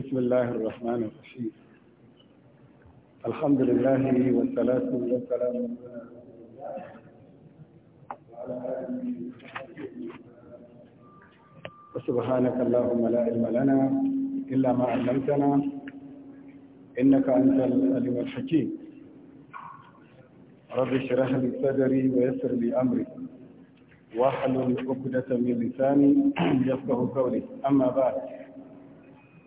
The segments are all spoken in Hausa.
بسم الله الرحمن الرحيم الحمد لله والصلاة والسلام وسبحانك اللهم لا علم لنا إلا ما علمتنا إنك أنت العليم الحكيم رب اشرح لي صدري ويسر لي أمري واحلل عقدة من لساني يفقه قولي أما بعد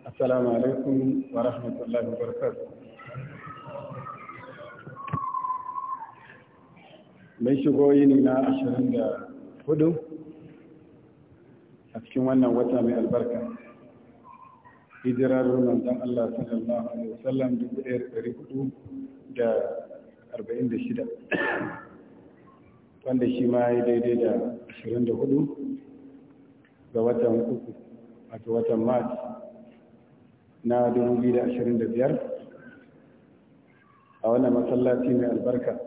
السلام عليكم ورحمة الله وبركاته mai shigo yini na hudu a cikin wannan wata mai albarka hijirar manzon Allah da arba'in da shida, wanda shi ma ya daidai da hudu ga watan uku a watan Mati. na biyar, a wannan masallaci mai albarka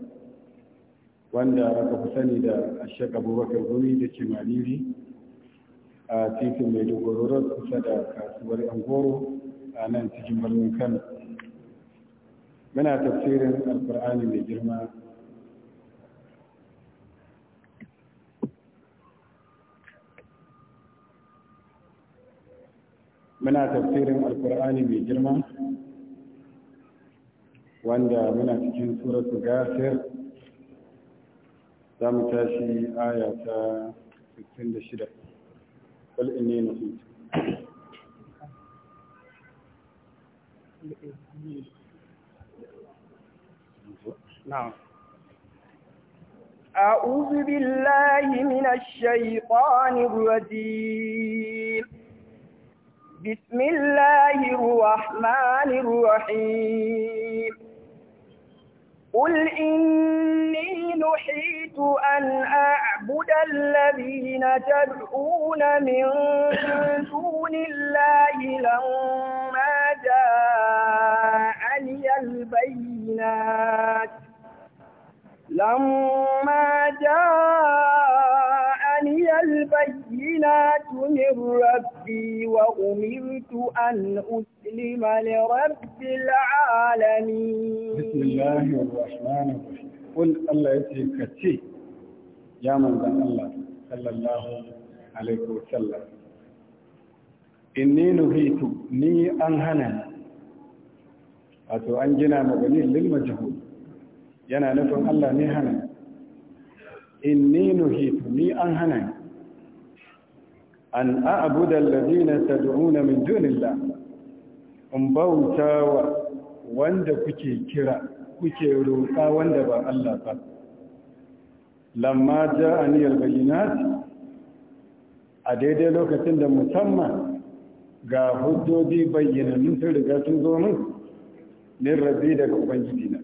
wanda aka fi sani da ashek abubakar gumi da ke maliri a titin mai dogororo kusa da kasuwar angoro a nan cikin birnin kano muna tafsirin alkur'ani mai girma muna tafsirin alkur'ani mai girma wanda muna cikin suratu gafir za mu tashi aya ta 66 قل إني نسيت أعوذ بالله من الشيطان الرجيم بسم الله الرحمن الرحيم قل إني نحيت أن أعبد الذين تدعون من دون الله لما جاءني البينات لما جاءني جاءتني البينات من ربي وأمرت أن أسلم لرب العالمين بسم الله الرحمن الرحيم قل الله يتكتي يا من ذا الله صلى الله عليه وسلم إني نهيت ني أنهنا wato an gina mabani lil majhul yana nufin Allah ne hana inni nuhitu ni an hana an a'buda alladhina tad'una min dunillah in bauta wa wanda kuke kira kuke roƙa wanda ba Allah ba lamma ja'ani albayinat a daidai lokacin da musamman ga hujjoji bayyanannun sun riga sun zo min min rabbi daga ubangiji na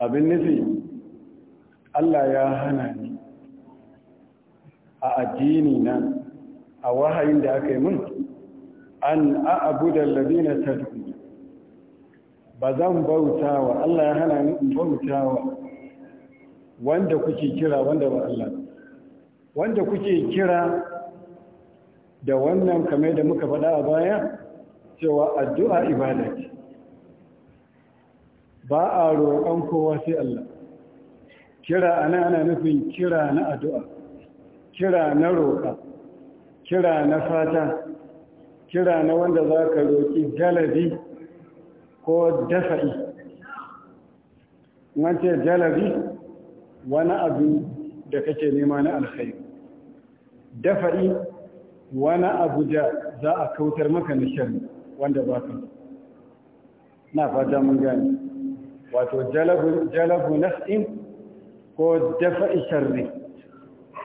abin nufi Allah ya hana ni a addini na a wahayin da aka yi mun an da a'budu ta tad'un ba zan bautawa Allah ya hana ni in bautawa wanda kuke kira wanda ba Allah wanda kuke kira da wannan kamar da muka faɗa a baya cewa addu'a ibada ce ba a roƙon kowa sai Allah kira ana ana nufin kira na addu'a kira na roƙa kira na fata kira na wanda za ka roƙi jalabi ko dafa'i wance jalabi wani abu da kake nema na alkhairu dafa'i wani abu da za a kautar maka na shari wanda ba ka na fata mun gani wato jalabu nas'in ko dafa'i sharri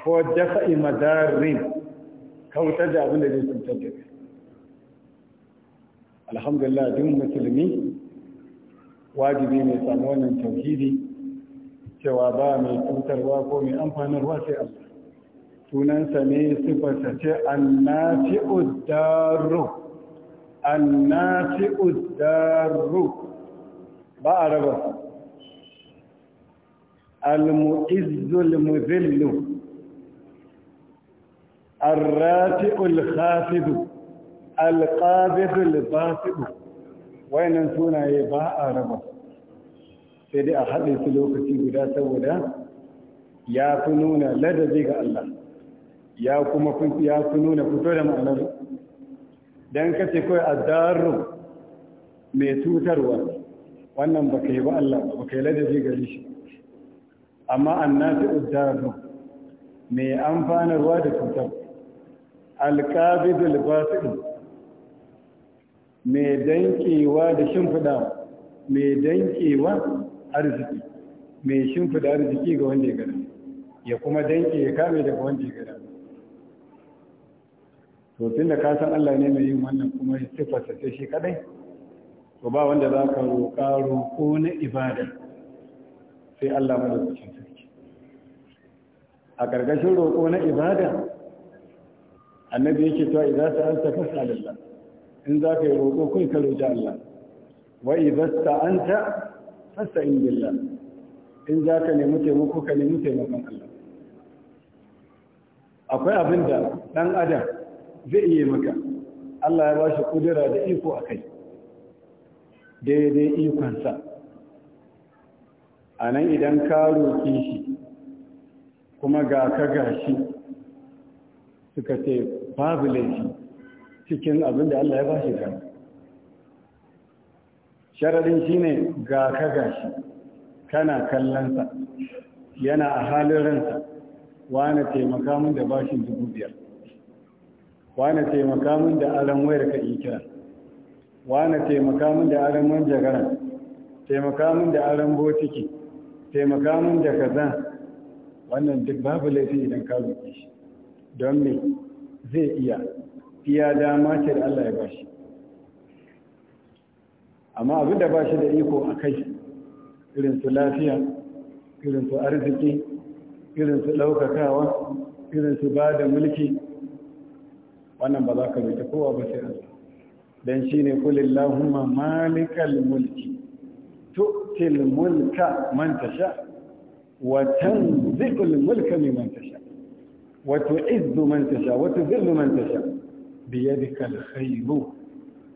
ko dafa'i madarin kautar da abin da zai cutar da kai alhamdulillah duk musulmi wajibi mai samu wannan tauhidi cewa ba mai cutarwa ko mai amfanarwa sai Allah sunansa ne sifarsa ce ba a raba al-mu'izzul muzillu الراتئ الخافض القابض الباسط wayannan sunaye ba a raba sai dai a haɗe su lokaci guda saboda ya fi nuna ladabi ga Allah ya kuma ya fi nuna fito da ma'anar don kace kawai a daru mai tutarwa wannan ba ka yi ba Allah ba ka yi ladabi ga shi amma annasi azzaru mai amfanarwa da tutarwa alkabidul basin mai dankewa da shimfiɗa mai dankewa arziki mai shimfiɗa arziki ga wanda ya gada ya kuma danke ya kame daga wanda ya gada to tun da kasan Allah ne mai yin wannan kuma ya siffarsa sai shi kadai to ba wanda za ka roƙa roƙo na ibada sai Allah kucin sarki a ƙarƙashin roƙo na ibada annabi yake cewa idan ta anta fas'alillah in za ka yi roƙo kai ka roƙi Allah wa idan ta anta fasta'in billah in za ka nemi taimako ka nemi taimakon Allah akwai abin da ɗan adam zai iya maka Allah ya ba shi kudura da iko a kai daidai ikonsa a nan idan ka roƙi shi kuma ga ka gashi suka ce babu laifi cikin abin da Allah ya ba shi kan sharadin shi ne ga ka gashi kana kallonsa yana a halin ransa wane taimaka min da bashin dubu biyar wane taimaka min da aran wayar ka kira wane taimaka min da aran manjagara taimaka min da aran botiki taimaka min da kaza wannan duk babu laifi idan ka roƙe shi don me zai iya iya dama ce da Allah ya bashi amma abin da ba shi da iko a kai irin su lafiya irin su arziki irin su ɗaukakawa irin su ba da mulki wannan ba za ka rute kowa ba sai Allah don shi ne kulillahumma malikal mulki tu'til mulka man tasha wa tanzi'ul mulka manta tasha وتعز من تشاء وتذل من تشاء بيدك الخير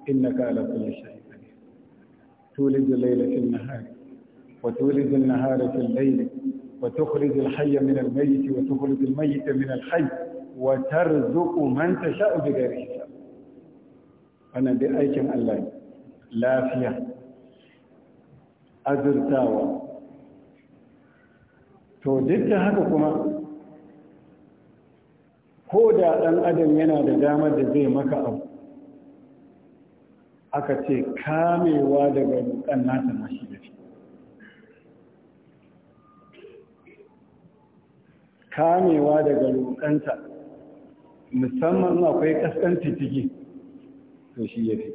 إنك على كل شيء قدير تولد الليل في النهار وتولد النهار في الليل وتخرج الحي من الميت وتخرج الميت من الحي وترزق من تشاء بغير حساب أنا بأيكم الله لا فيها أزرتاوة to duk da haka kuma ko da ɗan adam yana da damar da zai maka abu aka ce kamewa daga ɗan nata mashi da shi kamewa daga lokanta musamman akwai kaskanci ciki to shi ya fi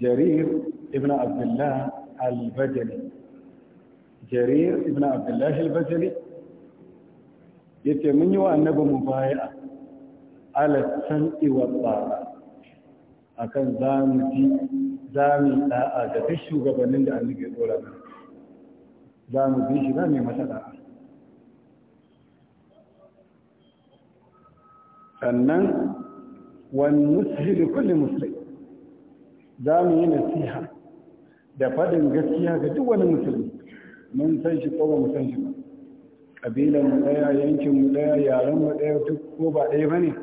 jarir ibn abdullah al-bajali jarir ibn abdullah al-bajali ya ce mun yi wa annaba mu baya ala san iwa tsara a kan za mu za da'a da duk shugabannin da annabi ya dora mu za mu bi shi za mata yi da'a sannan wani nusihi da kulle musulai za mu yi nasiha da faɗin gaskiya ga duk wani musulmi mun san shi ko ba mu san shi ba ƙabilan mu ɗaya yankin mu ɗaya yaren mu ɗaya duk ko ba ɗaya ba ne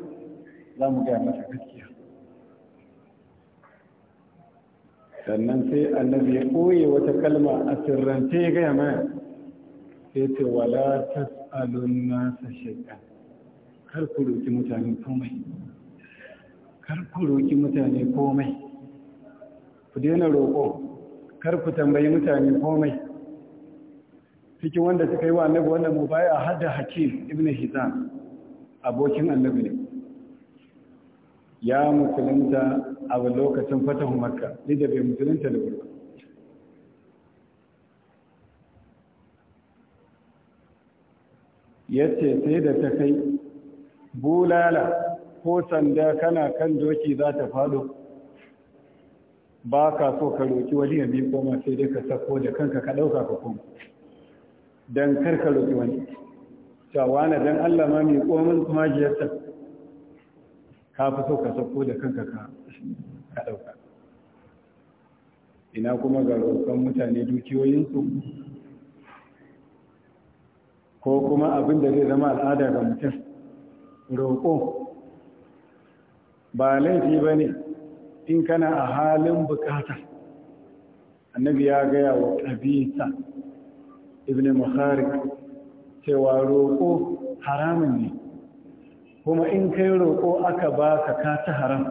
za mu gaya masa gaskiya sannan sai annabi ya ɓoye wata kalma a sirrance ya gaya mana sai ce wala tas'alun nasa shay'an kar ku roki mutane komai kar ku roki mutane komai ku daina roƙo kar ku tambayi mutane komai cikin wanda suka yi wa annabi wannan mubaya hadda hakim ibn hizan abokin annabi ne ya musulunta a lokacin fatahu makka ni da bai musulunta da wuri ya ce sai da ta kai bulala ko sanda kana kan doki za ta faɗo ba ka so ka roki wani ya koma sai dai ka sako da kanka ka ɗauka ka koma don karka roƙi wani cewa na don Allah ma mai komin jiyarta ka fi so ka sauko da kanka ka ɗauka ina kuma ga roƙon mutane dukiyoyinsu ko kuma abin da zai zama al'ada ga mutum roƙo ba laifi ba ne in kana a halin bukata annabi ya gaya wa ƙabisa ibn muharik cewa roƙo haramun ne kuma in kai roƙo aka ba ka ka haram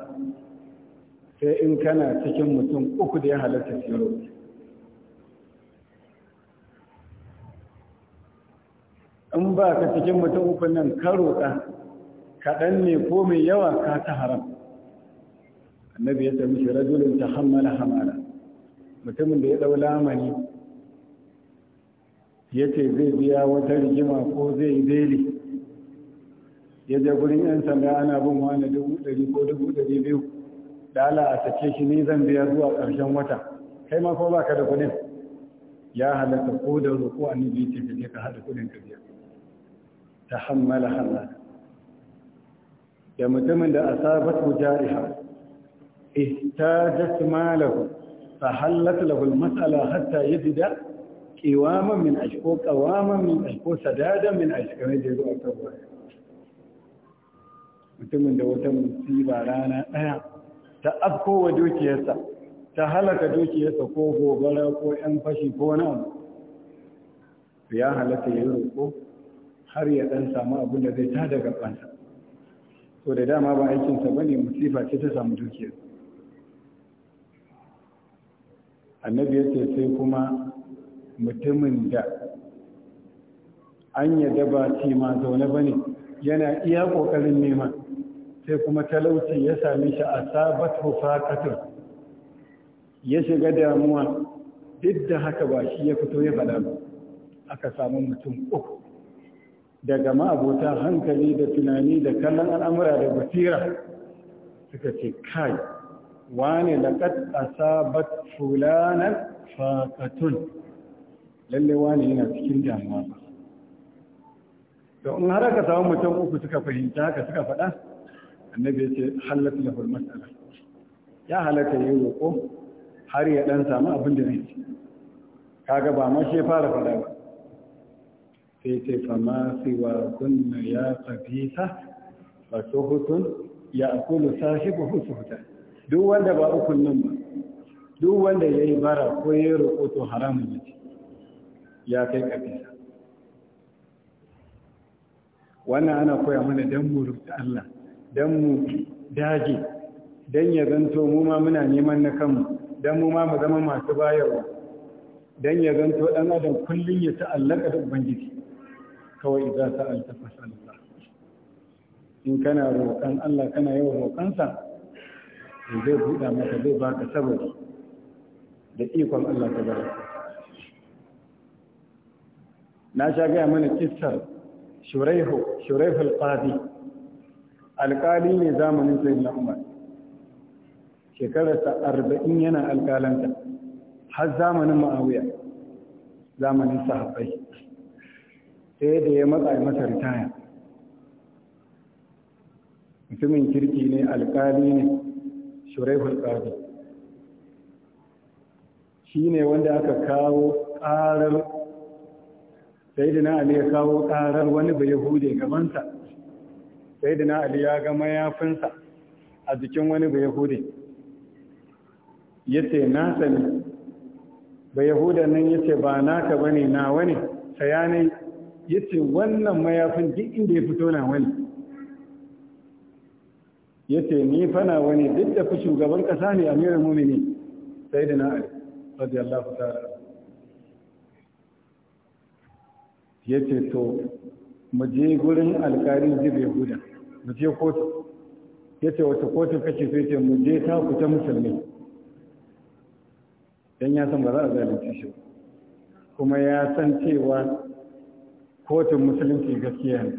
sai in kana cikin mutum uku da ya halatta su roƙo in ba ka cikin mutum uku nan ka roƙa kaɗan ne ko mai yawa ka haram annabi ya tafi shi rajulun ta hammala hamala mutumin da ya ɗau lamani ya ce zai biya wata rigima ko zai yi beli ya je gurin 'yan sanda ana bin wani dubu ɗari ko dubu ɗari biyu da ala a sake shi ni zan biya zuwa ƙarshen wata kai ma ko ba ka da kudin ya halatta ko da roƙo nubi ce ka ka haɗa kudin ka biya ta hammala halala da mutumin da a asabat mujariha ihtajat malahu fa halat lahu al-mas'ala hatta yabda قواما من أجل أو min من sadada min سدادا من أجل كما mutumin da wata musiba rana ɗaya ta afko wa dukiyarsa ta halaka dukiyarsa ko gobara ko ‘yan fashi ko wani abu ya halatta ya yi roƙo har ya ɗan samu abin da zai ta daga kansa to da dama ba aikinsa ba ne musifa ce ta samu dukiyarsa annabi ya ce sai kuma mutumin da an yadda ba ce ma zaune ba ne yana iya ƙoƙarin nema sai kuma talauci ya sami shi a sabat hufakatun ya shiga damuwa duk da haka ba shi ya fito ya faɗa ba aka samu mutum uku daga ma'abota hankali da tunani da kallon al'amura da basira suka ce kai wane a asabat fulanar fakatun lalle wani yana cikin damuwa to in har aka samu mutum uku suka fahimta haka suka faɗa annabi ya ce halatta da mas'ala ya halatta yi roƙo har ya ɗan samu abin da zai ci kaga ba ma shi fara faɗa ba sai ce fama siwa kunna ya tsafisa ba su hutun ya akulu sashi ba hutu huta duk wanda ba ukun nan ba duk wanda ya yi bara ko ya yi roƙo to haramun ya kai kabila wannan ana koya mana dan mu rubuta Allah dan mu dage dan ya zanto mu ma muna neman na kanmu dan mu ma mu zama masu bayarwa dan ya zanto dan adam kullun ya ta'allaka da ubangiji kawai idza sa'alta fas'alillah in kana roƙan Allah kana yawan roƙansa zai buɗa maka zai baka saboda da ikon Allah ta baraka na sha gaya mana kissar shuraihu shuraihu alqadi alqali ne zamanin sai umar shekararsa arba'in yana alƙalanta har zamanin ma'awiya zamanin sahabbai sai da ya matsa masa ritaya mutumin kirki ne alƙali ne shuraihu ƙadi shi ne wanda aka kawo ƙarar sai dina ali ya kawo karar wani bai hude gabansa sai dina ali ya ga mayafinsa a jikin wani bai hude ya ce na sani bai huda nan ya ce ba naka ba ne na wani sayanai ya ce wannan mayafin duk inda ya fito na wani ya ce ni fana wani duk da fi shugaban kasa ne amirin mumini sai dina ali radiyallahu ta'ala ya ce to mu je gurin alkali jibe huda mu je kotu ya ce wata kotun kake sai ce mu je ta ku ta musulmi don ya san ba za a zalunci shi kuma ya san cewa kotun musulunci gaskiya ne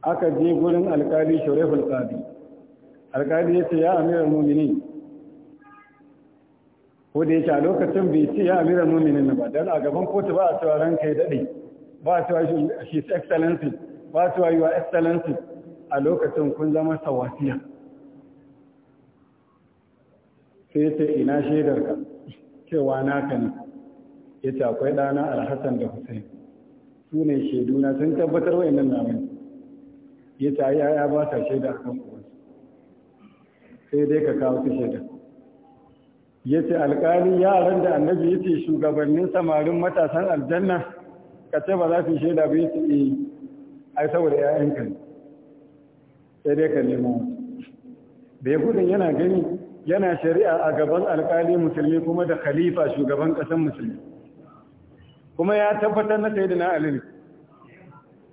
aka je gurin alkali shureful qadi alkali ya ce ya amiral mu'minin ko da yake a lokacin bai ce ya amira muminin ba dan a gaban kotu ba a cewa ranka ya dade ba a cewa his excellency ba a cewa your excellency a lokacin kun zama sawasiya sai ce ina shaidarka cewa naka ne ya ce akwai ɗana alhassan da hussein su ne shaiduna sun tabbatar wa nan namun ya ce 'ya'ya ba sa shaida a kan kuwa sai dai ka kawo su shaida ya ce alƙali yaran da annabi ya ce shugabannin samarin matasan aljanna ka ce ba za su shaida ba ya ce yi eh, ai saboda ‘ya'yanka ne sai dai ka nemo da ya gudun yana gani yana shari'a a gaban alƙali musulmi kuma da khalifa shugaban kasan musulmi kuma ya tabbatar na sai da na alini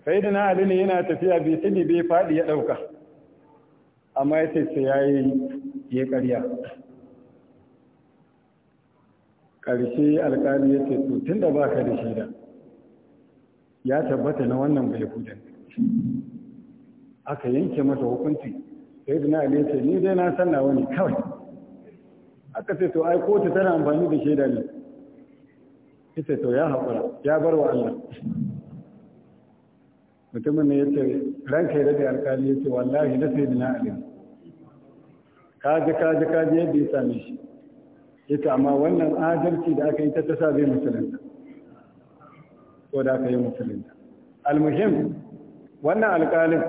sai da na alini yana tafiya bai sani bai faɗi ya ɗauka amma ya ce sai ya yi ya ƙarya ƙarshe alƙali ya ce to tun da ba ka da shida ya tabbata na wannan bai hujjan aka yanke masa hukunci sai da na ya ni dai na san wani kawai aka ce to ai kotu tana amfani da shaida ne ita to ya haƙura ya bar wa Allah mutumin ne ya ce ranka ya rage alƙali ya ce wallahi na sai na alim kaji kaji kaji yadda ya same shi yace amma wannan adalci da aka yi ta tasa bai musulunta ko da aka yi musulunta almuhim wannan alƙalin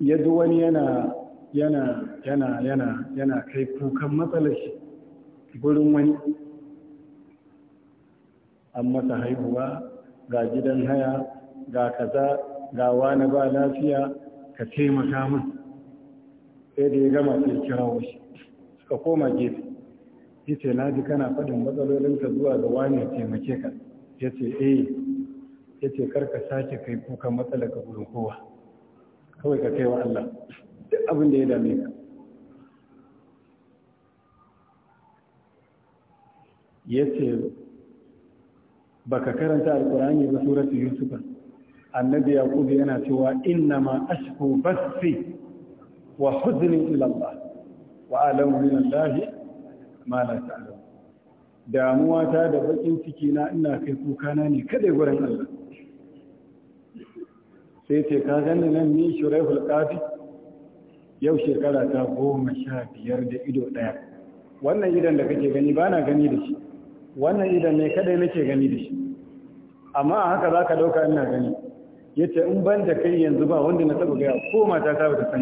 ya zo wani yana yana yana kai kukan matsalar shi gurin wani an masa haihuwa ga gidan haya ga kaza ga wani ba lafiya ka taimaka min sai da ya gama sai kirawo shi Ka koma gefe ya ce na ji kana faɗin matsalolinka zuwa ga wani taimake ka ya ce eh ya ce karka sake kai kuka matsala ka gudun kowa kawai ka kai wa Allah duk abin da ya dame ka ya ce ba ka karanta Alƙurani ba suratu yusufa annabi yaqubu yana cewa innama ashku basi wa huzni ila Allah wa alamu min Allah ma na ta’ala damuwa ta da bakin ciki na ina kai kuka na ne kada gurin Allah sai ce ka gani nan ni shirai hulƙafi yau shekara ta goma sha biyar da ido ɗaya wannan idan da kake gani ba na gani da shi wannan idan ne kadai nake gani da shi amma a haka za ka ɗauka ina gani ya ce in ban da kai yanzu ba wanda na taɓa gaya ko mata ta bata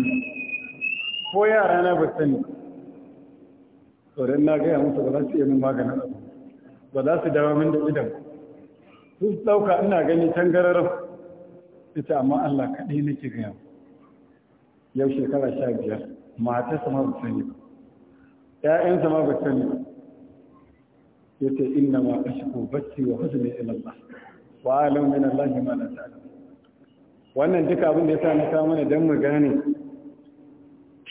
ko yara na ba sani tsoron na gaya musu ba za su yi min maganin abu ba za su dawo min da idan su ɗauka ina gani tangararar ita amma Allah kaɗai nake gaya yau shekara sha biyar matarsa ma ba sani ba ‘ya'yansa ma ba sani ba ya ce inna ma ashku bacci wa husni ila Allah wa alam min Allah ma la ta'lam wannan duka abin da yasa na kawo mana dan mu gane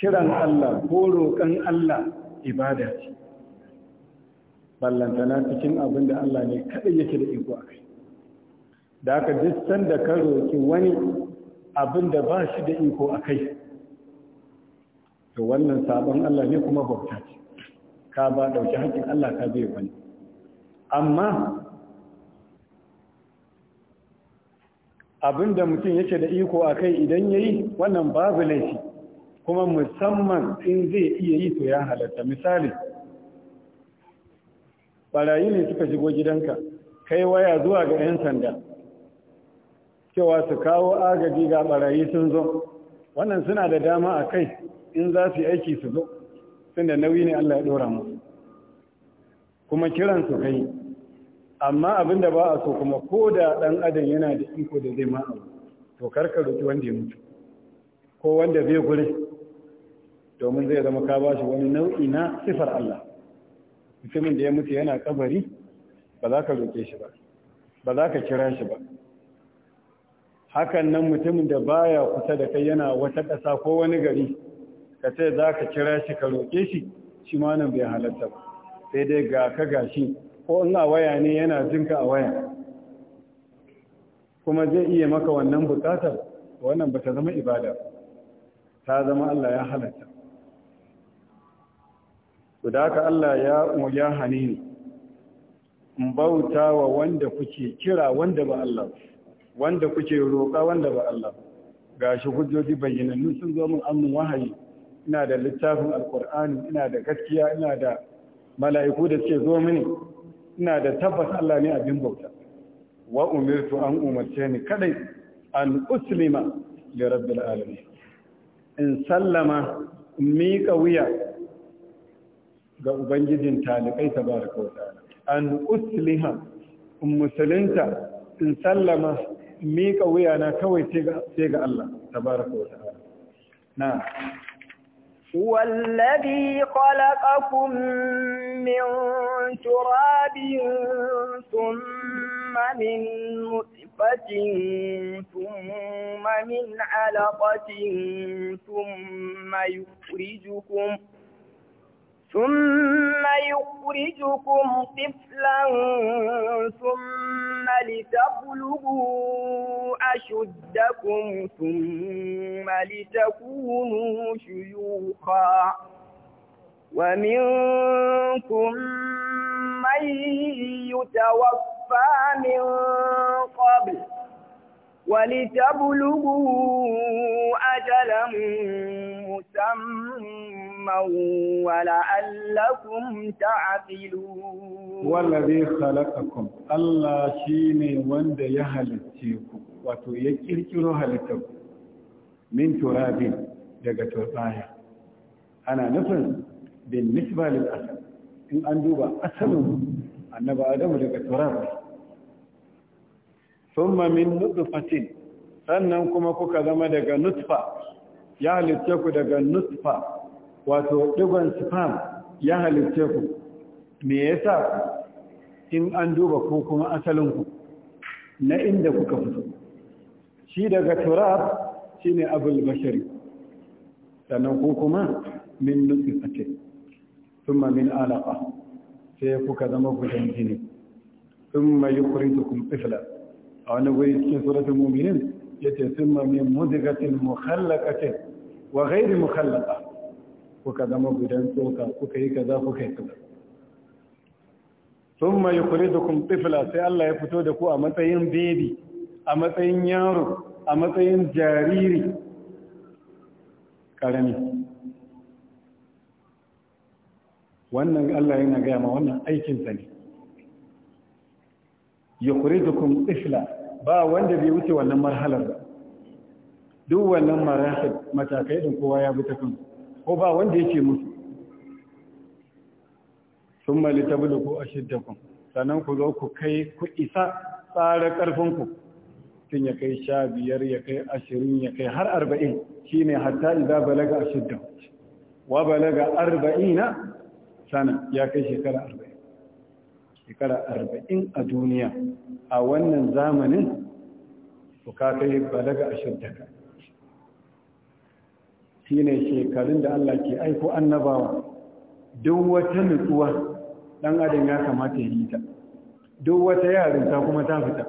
kiran Allah ko roƙon Allah ibada ce ballantana cikin abin da Allah ne kaɗai yake da iko a kai da aka duk sanda ka roƙi wani abin da ba shi da iko a kai to wannan sabon Allah ne kuma bauta ce ka ba ɗauki haƙƙin Allah ka bai wani amma abin da mutum yake da iko a kai idan ya yi wannan babu laifi kuma musamman in zai iya yi to ya halatta misali barayi ne suka shigo gidanka kai waya zuwa ga 'yan sanda cewa su kawo agaji ga barayi sun zo wannan suna da dama a kai in za su aiki su zo Sun da nauyi ne Allah ya ɗora mu. kuma kiran su kai amma abin da ba a so kuma ko da ɗan adam yana da iko da zai ma'a to karka roƙi wanda ya mutu ko wanda bai gurin domin zai zama ka bashi wani nau'i na sifar Allah mutumin da ya mutu yana kabari ba za ka roƙe shi ba ba za ka kira shi ba hakan nan mutumin da baya kusa da kai yana wata ƙasa ko wani gari ka ce za ka kira shi ka roƙe shi shi ma nan bai halatta ba sai dai ga ka gashi ko in a waya ne yana jinka a waya kuma zai iya maka wannan bukatar wannan ba ta zama ibada ta zama Allah ya halatta to da haka Allah ya ya hane in bauta wa wanda kuke kira wanda ba Allah wanda kuke roƙa wanda ba Allah Ga shi hujjoji bayyanannu sun zo min amin wahayi ina da littafin alkur'ani ina da gaskiya ina da mala'iku da suke zo mini ina da tabbas Allah ne abin bauta wa umirtu an umarce ni kadai an uslima li rabbil alamin in sallama in miƙa wuya ga ubangijin talikai tabaraka wa ta'ala an usliha in musulunta in sallama in miƙa na kawai sai ga Allah tabaraka wa ta'ala na هو الذي خلقكم من تراب ثم من نطفة ثم من علقة ثم يخرجكم ثم يخرجكم طفلا ثم لتبلغوا أشدكم ثم لتكونوا شيوخا ومنكم من يتوفى من قبل ولتبلغوا أجلا مسمى ولعلكم تعقلون والذي خلقكم الله شيني وند يهلتيكم wato ya kirkiro halittar min turabin daga turbaya ana nufin bin nisbalin asal in an duba asalin annaba adamu daga turabin thumma min nutfatin sannan kuma kuka zama daga nutfa ya halitta ku daga nutfa wato digon sperm ya halitta ku me yasa in an duba ku kuma asalin ku na inda kuka fito shi daga turab shine abul bashari sannan ku kuma min nutfatin thumma min alaqa sai kuka zama gudan jini thumma yukhrijukum tiflan a wani guri cikin suratul mu'minin yace summa ne muzikacin mukhallaqatin wa ghairi mukhallaqa kuka zama gudan tsoka kuka yi kaza kuka yi kaza da kun tifla sai Allah ya fito da ku a matsayin baby a matsayin yaro a matsayin jariri karami wannan Allah yana gaya ma wannan aikin sa ne yukhrijukum tifla ba wanda bai wuce wannan marhalar ba duk wannan marahil matakai din kowa ya buta ta kan ko ba wanda yake musu sun mali ta buluku a shiddakun sannan ku zo ku kai ku isa tsara ƙarfinku tun ya kai sha biyar ya kai ashirin ya kai har arba'in shi ne hatta idan balaga a shiddan wa balaga arba'ina sana ya kai shekara arba'in shekara arba'in a duniya a wannan zamanin to ka kai balaga ashirdaka shi ne shekarun da Allah ke aiko annabawa duk wata nutsuwa ɗan adam ya kamata ya yi ta duk wata yarinta kuma ta fita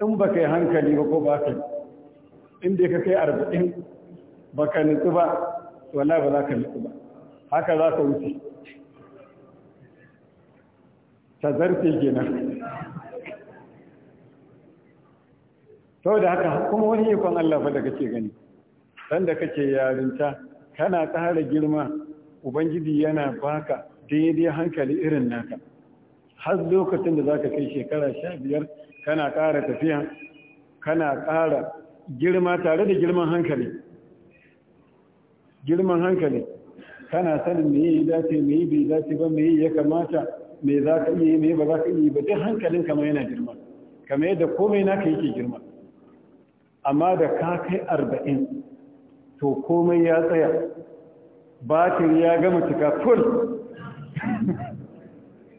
in ba kai hankali ba ko ba kai inda ka kai arba'in ba ka nutsu ba wala ba za ka nutsu ba haka za ka wuce ta zarfe gina sau da haka kuma wani ikon Allah fa da kake gani Sanda da kake yarinta kana ƙara girma ubangiji yana baka daidai hankali irin naka har lokacin da zaka kai shekara sha biyar kana ƙara tafiya kana ƙara girma tare da girman hankali girman hankali kana sanin me yi dace me yi bai dace ba me yi ya kamata me za ka iya yi me ba za ka iya yi ba duk hankalin kamar yana girma kamar yadda komai naka yake girma amma da ka kai arba'in to komai ya tsaya batir ya gama cika full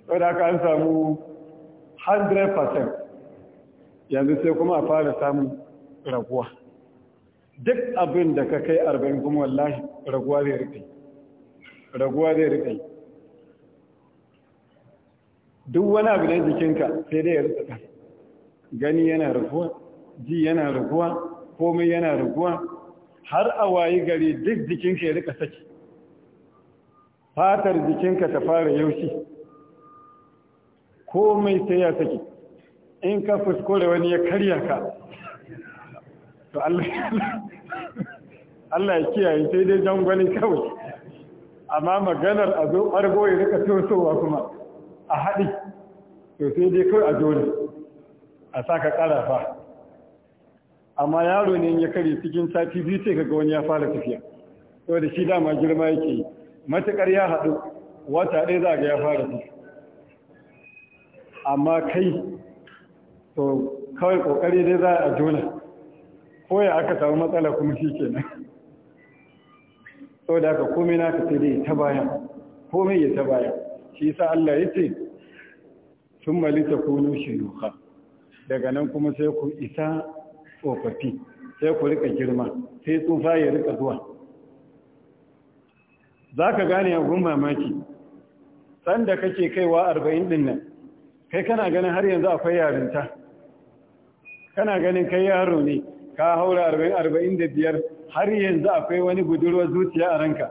wadda ka an samu 100% yanzu sai kuma a fara samun raguwa duk abin da ka kai arba'in kuma wallahi raguwa zai rufe raguwa zai rufe duk wani abu na jikinka sai dai ya rutsa gani yana raguwa ji yana raguwa komai yana raguwa har a wayi gari duk jikinka ya rika saki fatar jikinka ta fara yaushi komai sai ya saki in ka fuskure wani ya karya ka to Allah ya kiyaye sai dai jangwani kawai amma maganar a zo ɓargo ya rika tosowa kuma a haɗi to sai dai kawai a dole a saka ƙarafa amma yaro ne ya kare cikin sati biyu sai kaga wani ya fara tafiya to da shi dama girma yake yi matuƙar ya haɗu wata ɗaya za ga ya fara tafiya amma kai to kawai ƙoƙari dai za a dole ko ya aka samu matsala kuma shi kenan to da aka komai na sai dai ta bayan komai ya ta bayan shi yasa Allah ya ce tun malita shi yuka daga nan kuma sai ku isa tsofaffi sai ku rika girma sai tsufa ya rika zuwa za ka gane abun mamaki sanda kake kaiwa arba'in din nan kai kana ganin har yanzu akwai yarinta kana ganin kai yaro ne ka haura arba'in arba'in da biyar har yanzu akwai wani budurwar zuciya a ranka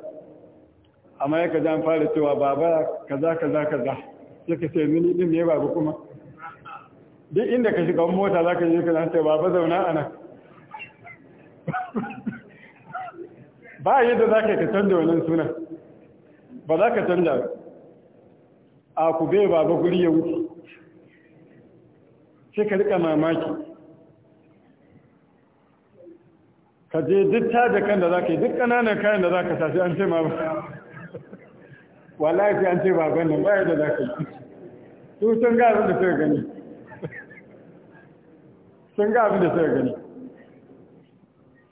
amma ya ka fara cewa baba kaza kaza kaza suka ce ni din ne babu kuma duk inda ka shiga mota za ka yi ka zance ba ba zauna a nan ba yadda za ka canza wani suna ba za ka canza a ku bai baba guri ya wuce sai ka rika mamaki ka je duk taja kan da za ka yi duk ƙananan kayan da za ka sashi an ce ma ba wa sai an ce baban nan ba yadda za ka yi su sun ga abin da suka gani sun ga abin da suka gani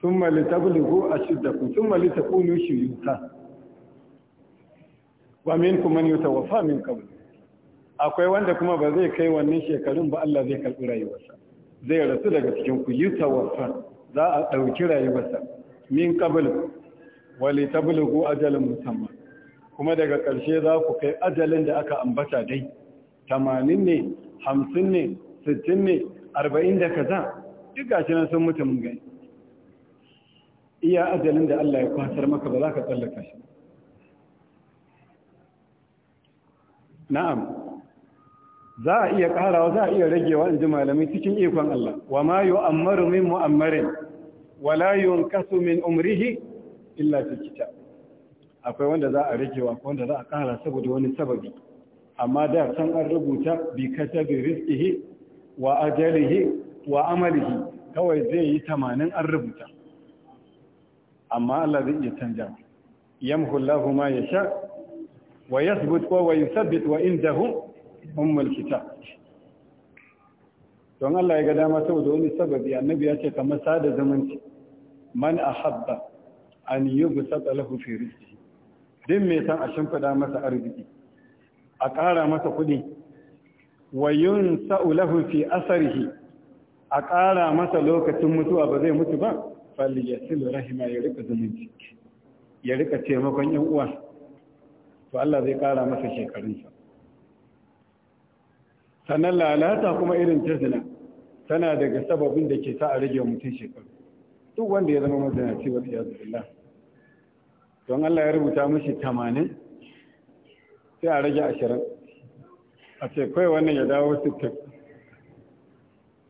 sun malita bulugu a ku. sun malita kunu shi yuta Ba min kuma yuta wa fa min kabul akwai wanda kuma ba zai kai wannan shekarun ba Allah zai karɓi rayuwarsa zai rasu daga cikin ku yuta wa fa za a ɗauki rayuwarsa min kabul wali tablugu ajalin musamman kuma daga ƙarshe za ku kai ajalin da aka ambata dai tamanin ne hamsin ne sittin ne arba'in da kaza duk gashi nan sun mutu mun gani iya ajalin da Allah ya kwasar maka ba za ka tsallaka shi na'am za a iya karawa za a iya ragewa in ji malamai cikin ikon Allah wa ma yu'ammaru min mu'ammarin wa la yunqasu min umrihi illa fi kitab akwai wanda za a ragewa ko wanda za a kara saboda wani sababi amma da can an rubuta bi katabi rizqihi wa ajalihi wa amalihi kawai zai yi tamanin an rubuta amma Allah zai iya canja yamhu Allahu ma yasha wa yathbut wa yuthabbit wa indahu ummul kitab don Allah ya ga dama saboda wani sababi annabi ya ce kamar sada zamanci man ahabba an yubsat lahu fi rizqihi din me san a shimfida masa arziki a ƙara masa kuɗi wa yin sa'ulahu fi asarihi a ƙara masa lokacin mutuwa ba zai mutu ba falli ya silu rahima ya rika zumunci ya rika taimakon yan uwa to Allah zai ƙara masa shekarunsa sannan lalata kuma irin ta tana daga sababin da ke sa a rage mutum shekaru duk wanda ya zama mazinaci wata ya zuwa don Allah ya rubuta mashi tamanin sai a rage ashirin a ce kai wannan ya dawo sittin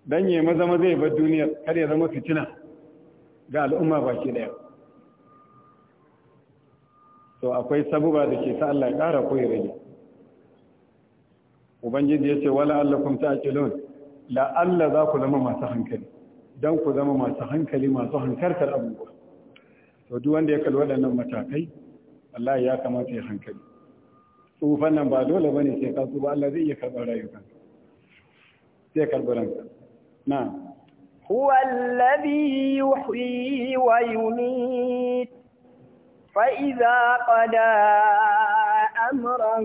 don yi mazama zai bar duniyar kar ya zama fitina ga al'umma baki daya to akwai sabuba da ke sa Allah ya ƙara ko ya rage ubangiji ya ce wala allakum ta'qilun la alla za ku zama masu hankali dan ku zama masu hankali masu hankartar abubuwa to duk wanda ya kalli waɗannan matakai Allah ya kamata ya hankali tsufan nan ba dole bane sai ka ba Allah zai iya karɓar rayukan sai karɓar ranka na huwa alladhi yuhyi wa yumit fa idza qada amran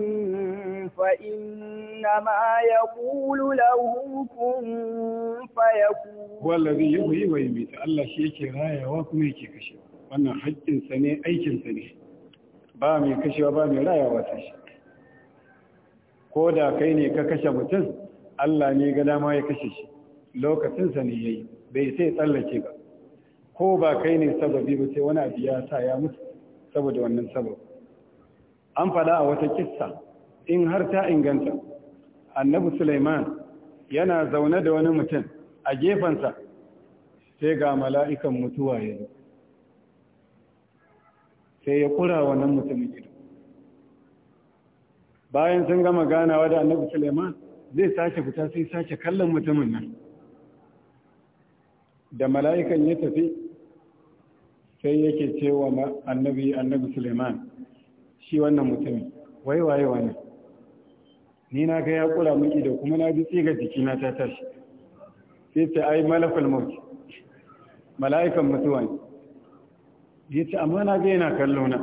fa inna ma yaqulu lahu kun fayakun huwa alladhi yuhyi wa yumit Allah shi yake rayawa kuma yake kashewa wannan haƙƙinsa ne aikinsa ne ba mai kashewa ba mai rayawa sai ko da kai ne ka kashe mutum Allah ne ga dama ya kashe shi lokacinsa ne ya yi bai sai tsallake ba ko ba kai ne sababi ba sai wani abu ya sa ya mutu saboda wannan sabab an faɗa a wata kissa in har ta inganta annabi Sulaiman yana zaune da wani mutum a gefensa sai ga mala'ikan mutuwa ya sai ya kura wannan mutumin ido bayan sun gama ganawa da annabi suleiman zai sake fita sai sake kallon mutumin nan da mala'ikan ya tafi sai yake cewa annabi annabi suleiman shi wannan mutumin wai waye wani ni na ga ya kura miki da kuma na ji tsiga jikina ta tashi sai ce ai malakul maut mala'ikan mutuwa ne yace amma na ga yana kallo na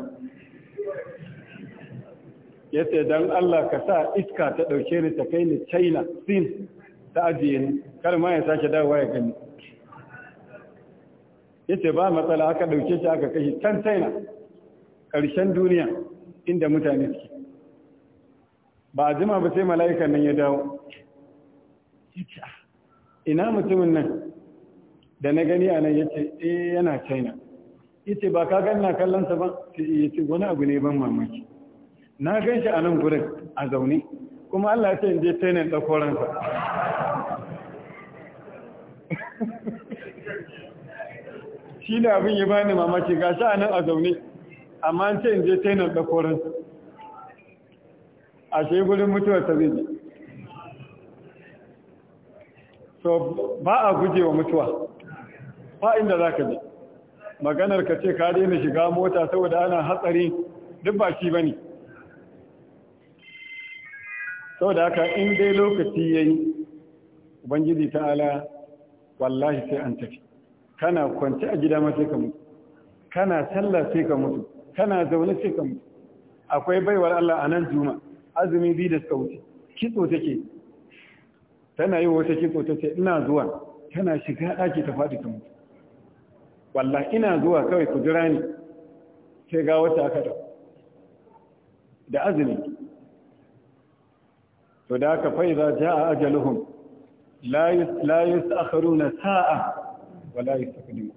ya ce don Allah ka sa iska ta ɗauke ni ta kai ni china sin ta ajiye ni kar ma ya sake dawowa ya gani ya ce ba matsala aka ɗauke shi aka kashi can china ƙarshen duniya inda mutane suke ba a jima ba sai mala'ikan nan ya dawo ah, ina mutumin nan da na gani a nan ya ce eh yana china ya ce ba ka ganna kallonsa ba ya ce wani abu ne ban mamaki na gan shi a nan gurin a zaune kuma Allah ya ce in je tenin dakoransa. shi da abin ya bani mamaki ga shi a nan a zaune amma an ce in je tenin dakoransa. a shi gurin ta zai so ba a guje wa mutuwa ba inda za ka je maganar ka ce ka daina shiga mota saboda ana hatsari duk ba shi ba ne saboda haka in dai lokaci ya yi ubangiji ta'ala wallahi sai an tafi kana kwance a gida mace sai ka mutu kana sallah sai ka mutu kana zaune sai ka mutu akwai baiwar Allah a nan juma azumi bi da suka wuce kitso take tana yi wata kitso ta ce ina zuwa tana shiga ɗaki ta faɗi ta mutu wallahi ina zuwa kawai ku jira ni sai ga wata aka da azumi to da aka faiza ja'a ajaluhum la yasta'khiruna sa'a wa la yastaqdimu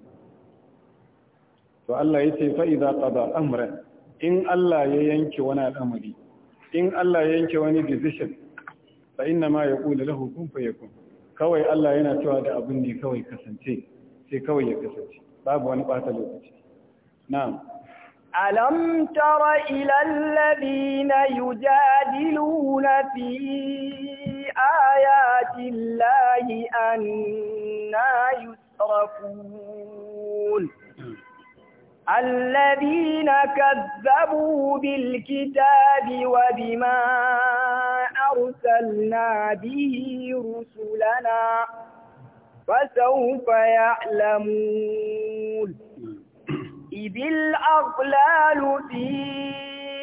to Allah yace faiza qada amran in Allah ya yanke wani al'amari in Allah ya yanke wani decision fa inna ma yaqulu lahu kun fayakun kawai Allah yana cewa da abin ne kawai kasance sai kawai ya kasance babu wani ɓata lokaci na'am ألم تر إلى الذين يجادلون في آيات الله أنا يسرفون الذين كذبوا بالكتاب وبما أرسلنا به رسلنا فسوف يعلمون إذ الأغلال في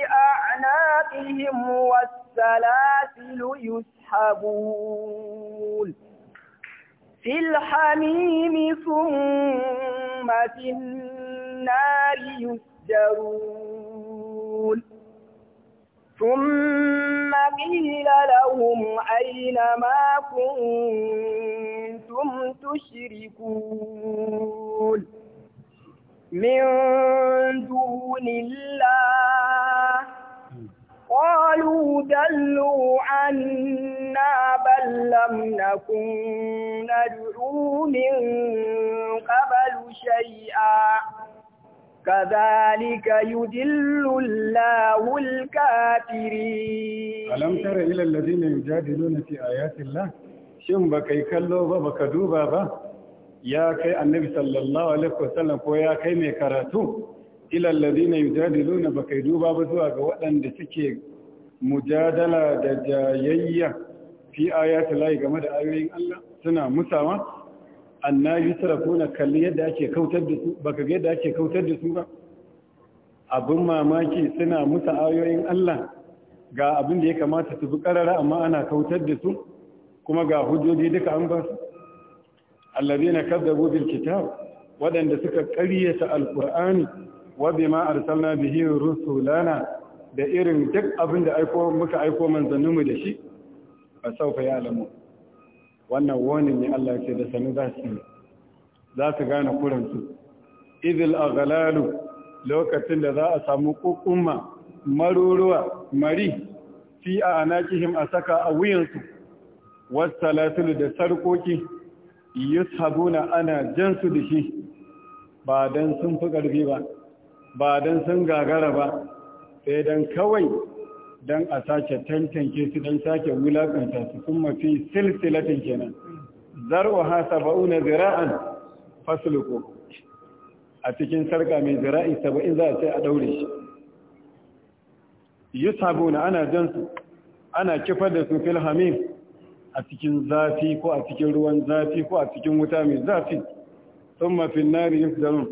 أعناقهم والسلاسل يسحبون في الحميم ثم في النار يسجرون ثم قيل لهم أين ما كنتم تشركون من دون الله قالوا دلوا عنا بل لم نكن ندعو من قبل شيئا كذلك يدل الله الكافرين ألم تر إلى الذين يجادلون في آيات الله شن بكي كلوا بك دوبا ya kai annabi sallallahu alaihi wasallam ko ya kai mai karatu ilal ladina yujadiluna bakai duba ba zuwa ga waɗanda suke mujadala da jayayya fi ayatul lahi game da ayoyin Allah suna musawa annabi sarafuna kalli yadda ake kautar da su baka ga yadda ake kautar da su ba abin mamaki suna musa ayoyin Allah ga abin da ya kamata su bi karara amma ana kautar da su kuma ga hujjoji duka an ba su allazina kada bil kitab wadanda suka ƙaryata alqur'ani wa bima arsalna bihi rusulana da irin duk abin da aiko muka aiko manzanninmu da shi fa sawfa ya'lamu wannan wani ne Allah ce da sanu za su za su gane kuransu idil aghlalu lokacin da za a samu kukumma maruruwa mari fi a anakihim a saka a wuyansu wasu da sarkoki yusabuna ana jansu da shi ba don sun fi ƙarfi ba ba don sun gagara ba sai don kawai don a sace tantance su don sake wulaƙanta su sun mafi silsilatin kenan zarwa ha saba'una zira'an fasuluko a cikin sarka mai zira'i saba'in za a ce a ɗaure shi yusabuna ana jansu ana kifar da su filhamin a cikin zafi ko a cikin ruwan zafi ko a cikin wuta mai zafi sun mafin nari yusdarun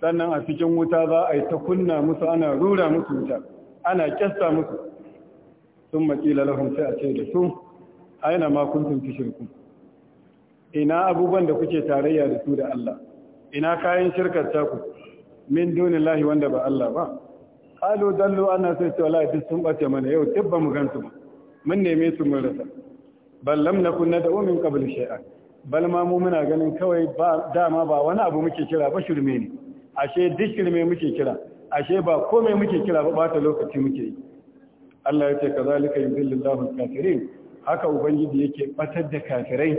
sannan a cikin wuta za a yi ta kunna musu ana rura musu wuta ana kyasta musu sun makila lahun sai a ce da su aina makuntun kuntum tushirku ina abubuwan da kuke tarayya da su da Allah ina kayan shirkar ku min lahi wanda ba Allah ba qalu dallu ana sai su wala sun bace mana yau tibba mu gansu mun neme su mun rasa bal lam nakun nad'u min qabl shay'a bal ma mu muna ganin kawai ba dama ba wani abu muke kira ba shirme ne ashe duk shirme muke kira ashe ba komai muke kira ba bata lokaci muke yi Allah ya ce kazalika yudillillahu kafirin haka ubangiji yake batar da kafirai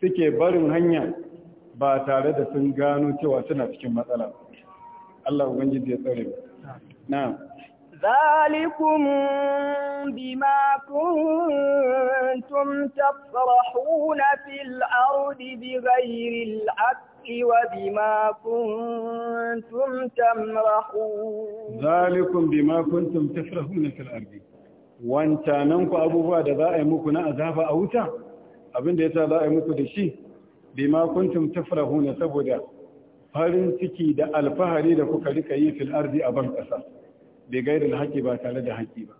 suke barin hanya ba tare da sun gano cewa suna cikin matsala Allah ubangiji ya tsare na'am ذلكم بما كنتم تفرحون في الأرض بغير الحق وبما كنتم تمرحون ذلكم بما كنتم تفرحون في الأرض wancananku abubuwa da za a yi muku na azaba a wuta abinda ya sa za a yi muku da shi bima kuntum tafrahuna saboda farin ciki da alfahari da kuka rika yi fil ardi a ban ƙasa. bi gairil haqqi ba tare da haƙƙi ba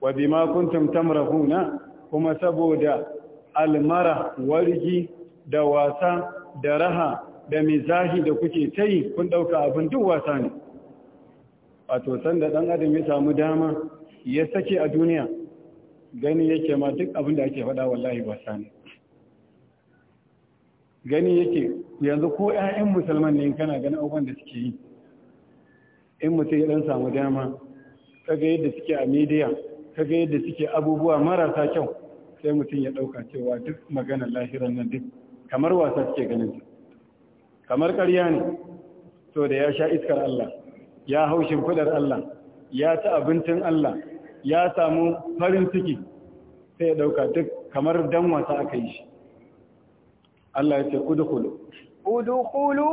wa bima kuntum tamrahuna kuma saboda almara wargi da wasa da raha da mizahi da kuke tayi kun dauka abin duk wasa ne wato sanda dan adam ya samu dama ya sake a duniya gani yake ma duk abin da ake faɗa wallahi wasa ne gani yake yanzu ko 'ya'yan musulman ne kana ganin abubuwan da suke yi in mutum ya dan samu dama kaga yadda suke a media kaga yadda suke abubuwa marasa kyau sai mutum ya ɗauka cewa duk maganar lahiran nan duk kamar wasa suke ganin su, kamar ƙarya ne to da ya sha iskar Allah ya hau shimfidar Allah ya ta abincin Allah ya samu farin ciki sai ya ɗauka duk kamar dan wasa aka yi shi Allah ya ce udkhulu udkhulu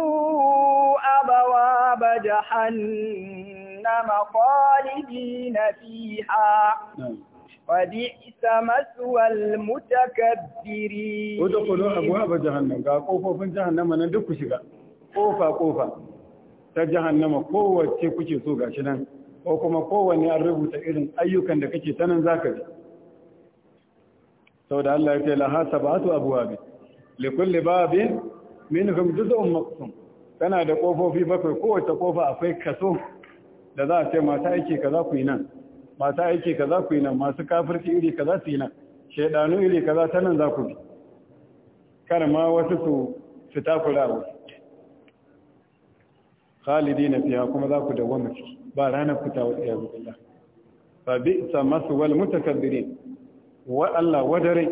أبواب جهنم خالدين فيها وبئس مثوى المتكبرين ودخلوا أبواب جهنم قال قوفوا في جهنم ندك شغا قوفا قوفا تجهنم قوة تكوشي سوغا شنان ko kuma kowanne an rubuta irin ayyukan da kake tanan zaka bi saboda Allah ya ce la hasabatu abwabi likulli babin minhum juz'un maqsum tana da ƙofofi bakwai kowace ƙofa akwai kaso da za a ce mata aiki za ku yi nan mata aiki za ku yi nan masu kafirci iri ka za su yi nan shaidanu iri za ta nan za ku bi kar ma wasu su fita ku wasu khalidi na fiya kuma za ku dawo ciki ba ranar fita wa iya zuwa fa bi sa masu wal mutakabbiri wa Allah wadare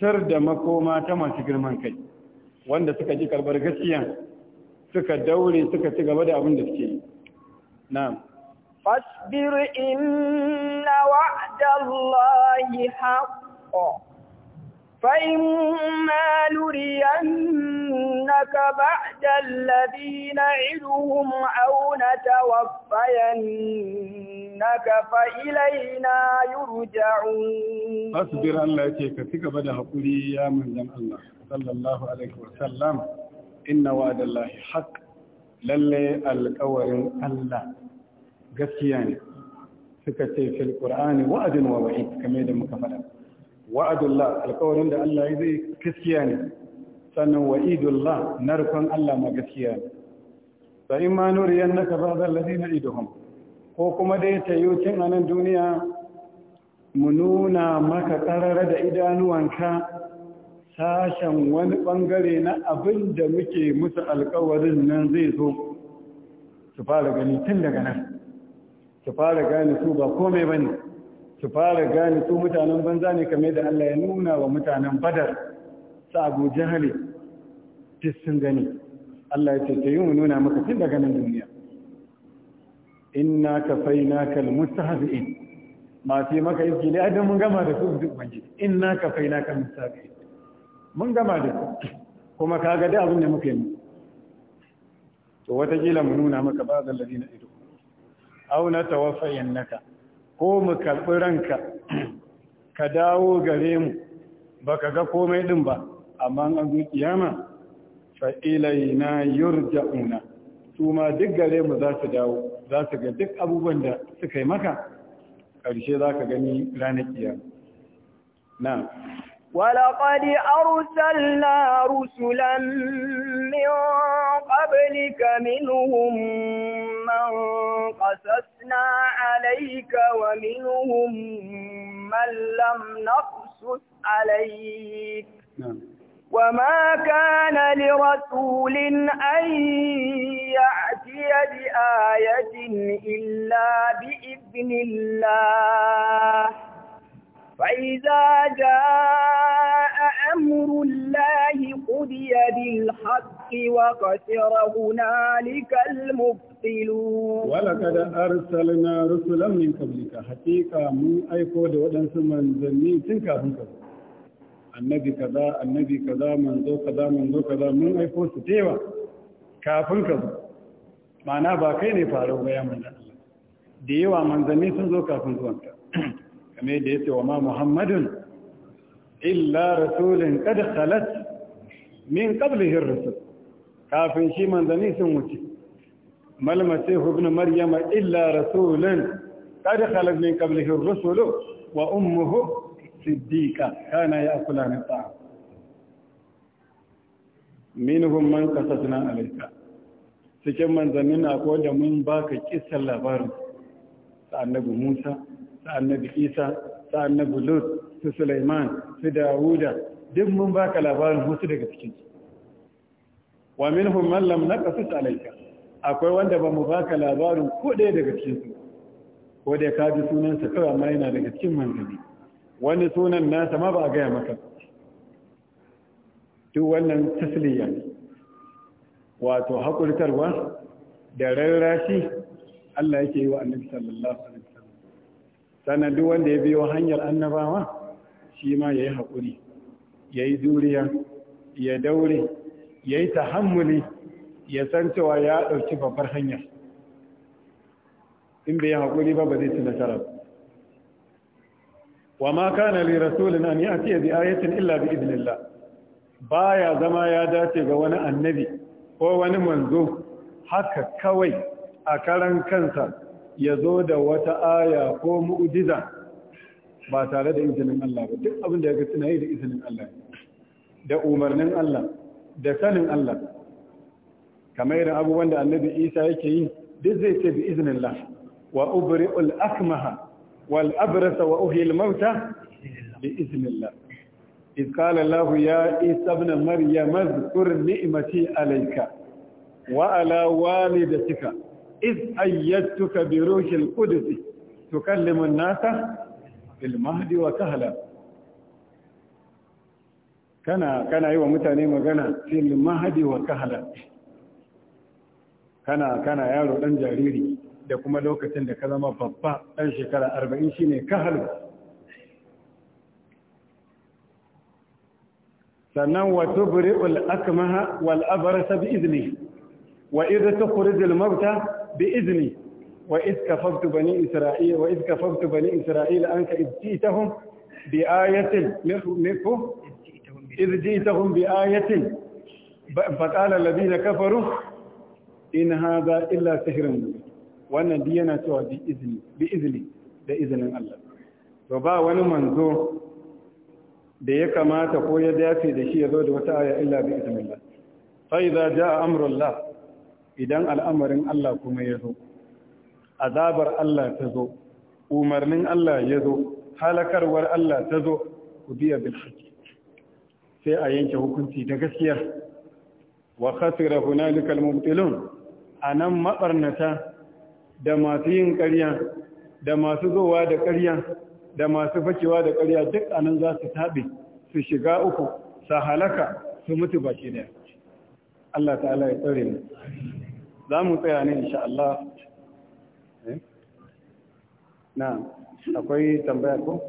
tar da makoma ta masu girman kai wanda suka ji karbar gaskiya suka daure suka ci gaba da abin da suke yi. Na'am. Fasbir inna wa'dallahi haqqo. Fa'imma nuriyannaka ba'da alladhina iduhum aw natawaffayannaka fa ilayna yurja'un. Fasbir Allah ya ka ci gaba da haƙuri ya manzan Allah sallallahu alaihi wa sallam. inna wa'adallahi haqq lalle alƙawarin Allah gaskiya ne suka ce fil qur'ani wa'adun wa wa'id kamar da muka faɗa wa'adullah alƙawarin da Allah zai gaskiya ne sannan wa'idullah narkon Allah ma gaskiya ne fa in ma nuriyannaka ba'dal ladina iduhum ko kuma dai ta yi tayyucin anan duniya mu nuna maka karara da idanuwanka sashen wani bangare na abin da muke musu alkawarin nan zai zo su fara gani tun daga nan su fara gane su ba komai ba ne su fara gane su mutanen banza ne kamar da Allah ya nuna wa mutanen badar su abu jihali duk sun gani Allah ya ce yi mu nuna maka tun daga nan duniya inna kafainaka almustahzi'in ma fi maka yi ne adamun mun gama da su duk banji inna kafainaka almustahzi'in mun gama da kuma ka ga abin da muka yi to watakila mu nuna maka ba zan lalazi na ido au na tawafayin naka ko mu karɓi ranka ka dawo gare mu ba ka ga komai ɗin ba amma an zo kiyama fa'ilai na yurja'una su ma duk gare mu za su dawo za su ga duk abubuwan da suka yi maka ƙarshe za ka gani ranar kiyama na ولقد أرسلنا رسلا من قبلك منهم من قصصنا عليك ومنهم من لم نقصص عليك نعم. وما كان لرسول أن يأتي بآية إلا بإذن الله فإذا جاء أمر الله قضي بالحق وقتر هنالك المبطلون ولقد أرسلنا رسلا من قبلك حقيقة من أيكو دودنس من زمين تنكا من قبل annabi kaza annabi kaza manzo kaza manzo kaza mun aiko su tewa kafin ka zo ma'ana ba kai ne faru ba ya manzo da yawa manzanni sun zo kafin zuwanka game da yace wa ma muhammadun illa rasulun qad khalat min qablihi ar-rusul kafin shi manzanni sun wuce mal masih ibn maryam illa rasulun qad khalat min qablihi ar-rusul wa ummuhu siddiqa kana ya'kulani at-ta'am minhum man qasasna alayka cikin manzannin akwai da mun baka kissar labarin ta annabi Musa ta annabi isa ta annabi lut su sulaiman su dawuda duk mun baka labarin wasu daga cikin wa minhum man lam naqasus alayka akwai wanda ba mu baka labarin ko ɗaya daga cikin su ko da ka ji sunan sa kawai amma yana daga cikin manzanni wani sunan nasa ma ba a gaya maka duk wannan tasliya ne wato hakurtarwa da rarrashi Allah yake yi wa annabi sallallahu alaihi sannan duk wanda ya biyo hanyar annabawa shi ma ya yi haƙuri ya yi juriya ya daure ya yi tahammuli ya san cewa ya ɗauki babbar hanyar in bai haƙuri ba ba zai ci nasara wa ma kana li rasulina an ya'ti bi ayatin illa bi idnillah baya zama ya dace ga wani annabi ko wani manzo haka kawai a karan kansa ya zo da wata aya ko mu'jiza ba tare da izinin Allah ba duk abin da ya ga suna yi da izinin Allah da umarnin Allah da sanin Allah kamar irin abubuwan da annabi Isa yake yi duk zai ce bi izinin Allah wa ubri'ul akmaha wal abrasa wa uhyil mauta bi iznillah إذ قال الله يا عيسى ابن مريم اذكر نعمتي عليك وعلى والدتك iz ayyatuka bi ruhil qudus tukallimu an-nasa fil mahdi wa kahla kana kana yi wa mutane magana fil mahdi wa kahla kana kana yaro ɗan jariri da kuma lokacin da ka zama babba dan shekara 40 shine kahal sannan wa tubri'ul akmaha wal wa idza tukhrij al بإذني وإذ كففت بني إسرائيل وإذ كففت بني إسرائيل أنك إذ جئتهم بآية منكم إذ جئتهم بآية فقال الذين كفروا إن هذا إلا سحر مبين wannan duk yana cewa bi izini da izinin Allah to ba wani manzo da ya kamata ko ya dace da shi ya zo da wata aya illa bi iznillah fa idza jaa amrullah idan al'amarin Allah kuma ya zo azabar Allah ta zo umarnin Allah ya zo halakarwar Allah ta zo ku biya bil sai a yanke hukunci ta gaskiya wa khasira hunalika al a anan maɓarnata da masu yin ƙarya da masu zowa da ƙarya da masu fakewa da ƙarya duk anan za su taɓe su shiga uku su halaka su mutu baki ɗaya Allah ta'ala ya tsare mu za mu tsaya ne insha Allah eh? na akwai tambaya ko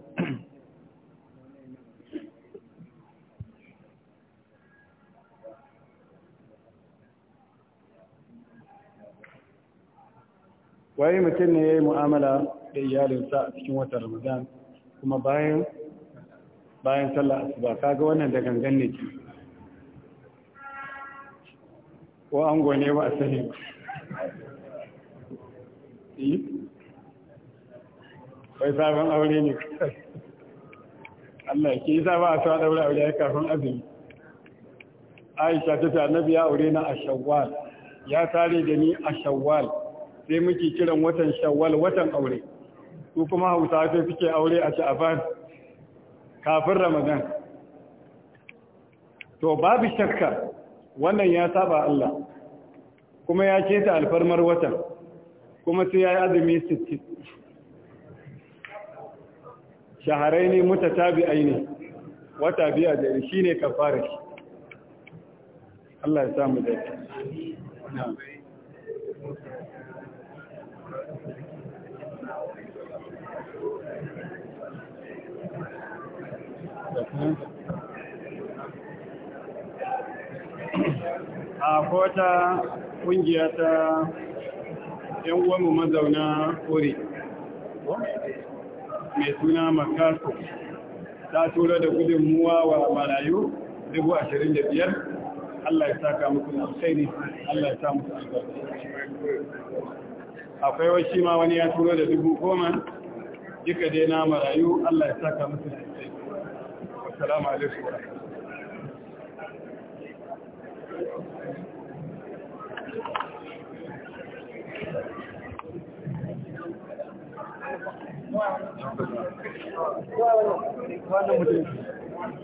waye mutum ne ya yi mu'amala da iyalinsa a cikin watan ramadan kuma bayan bayan sallah asuba kaga wannan da gangan ne ke ko ango ne ba a sani eh? wai sabon aure ne Allah ke yi ba a sa daura aure ya kafin azumi Aisha ta ta nabi ya aure na a shawwal ya tare da ni a shawwal sai muke kiran watan shawwal watan aure su kuma hausa sai suke aure a sha'afan kafin ramadan to babu shakka wannan ya saba Allah kuma ya keta alfarmar watan kuma sai ya yi azumi 60 shaharai ne mutatabi aini wata biya da shi ne kafara shi Allah ya samu da shi Thank you. a kota kungiya ta yan uwanmu mazauna kore mai suna makaso ta tura da muwa wa marayu 25,000 Allah ya sa mutu muku alkhairi Allah ya sa muku albarka akwai washi ma wani ya tura da dubu goma duka dai na marayu Allah ya sa saka muku alkhairi wassalamu alaikum Thank you.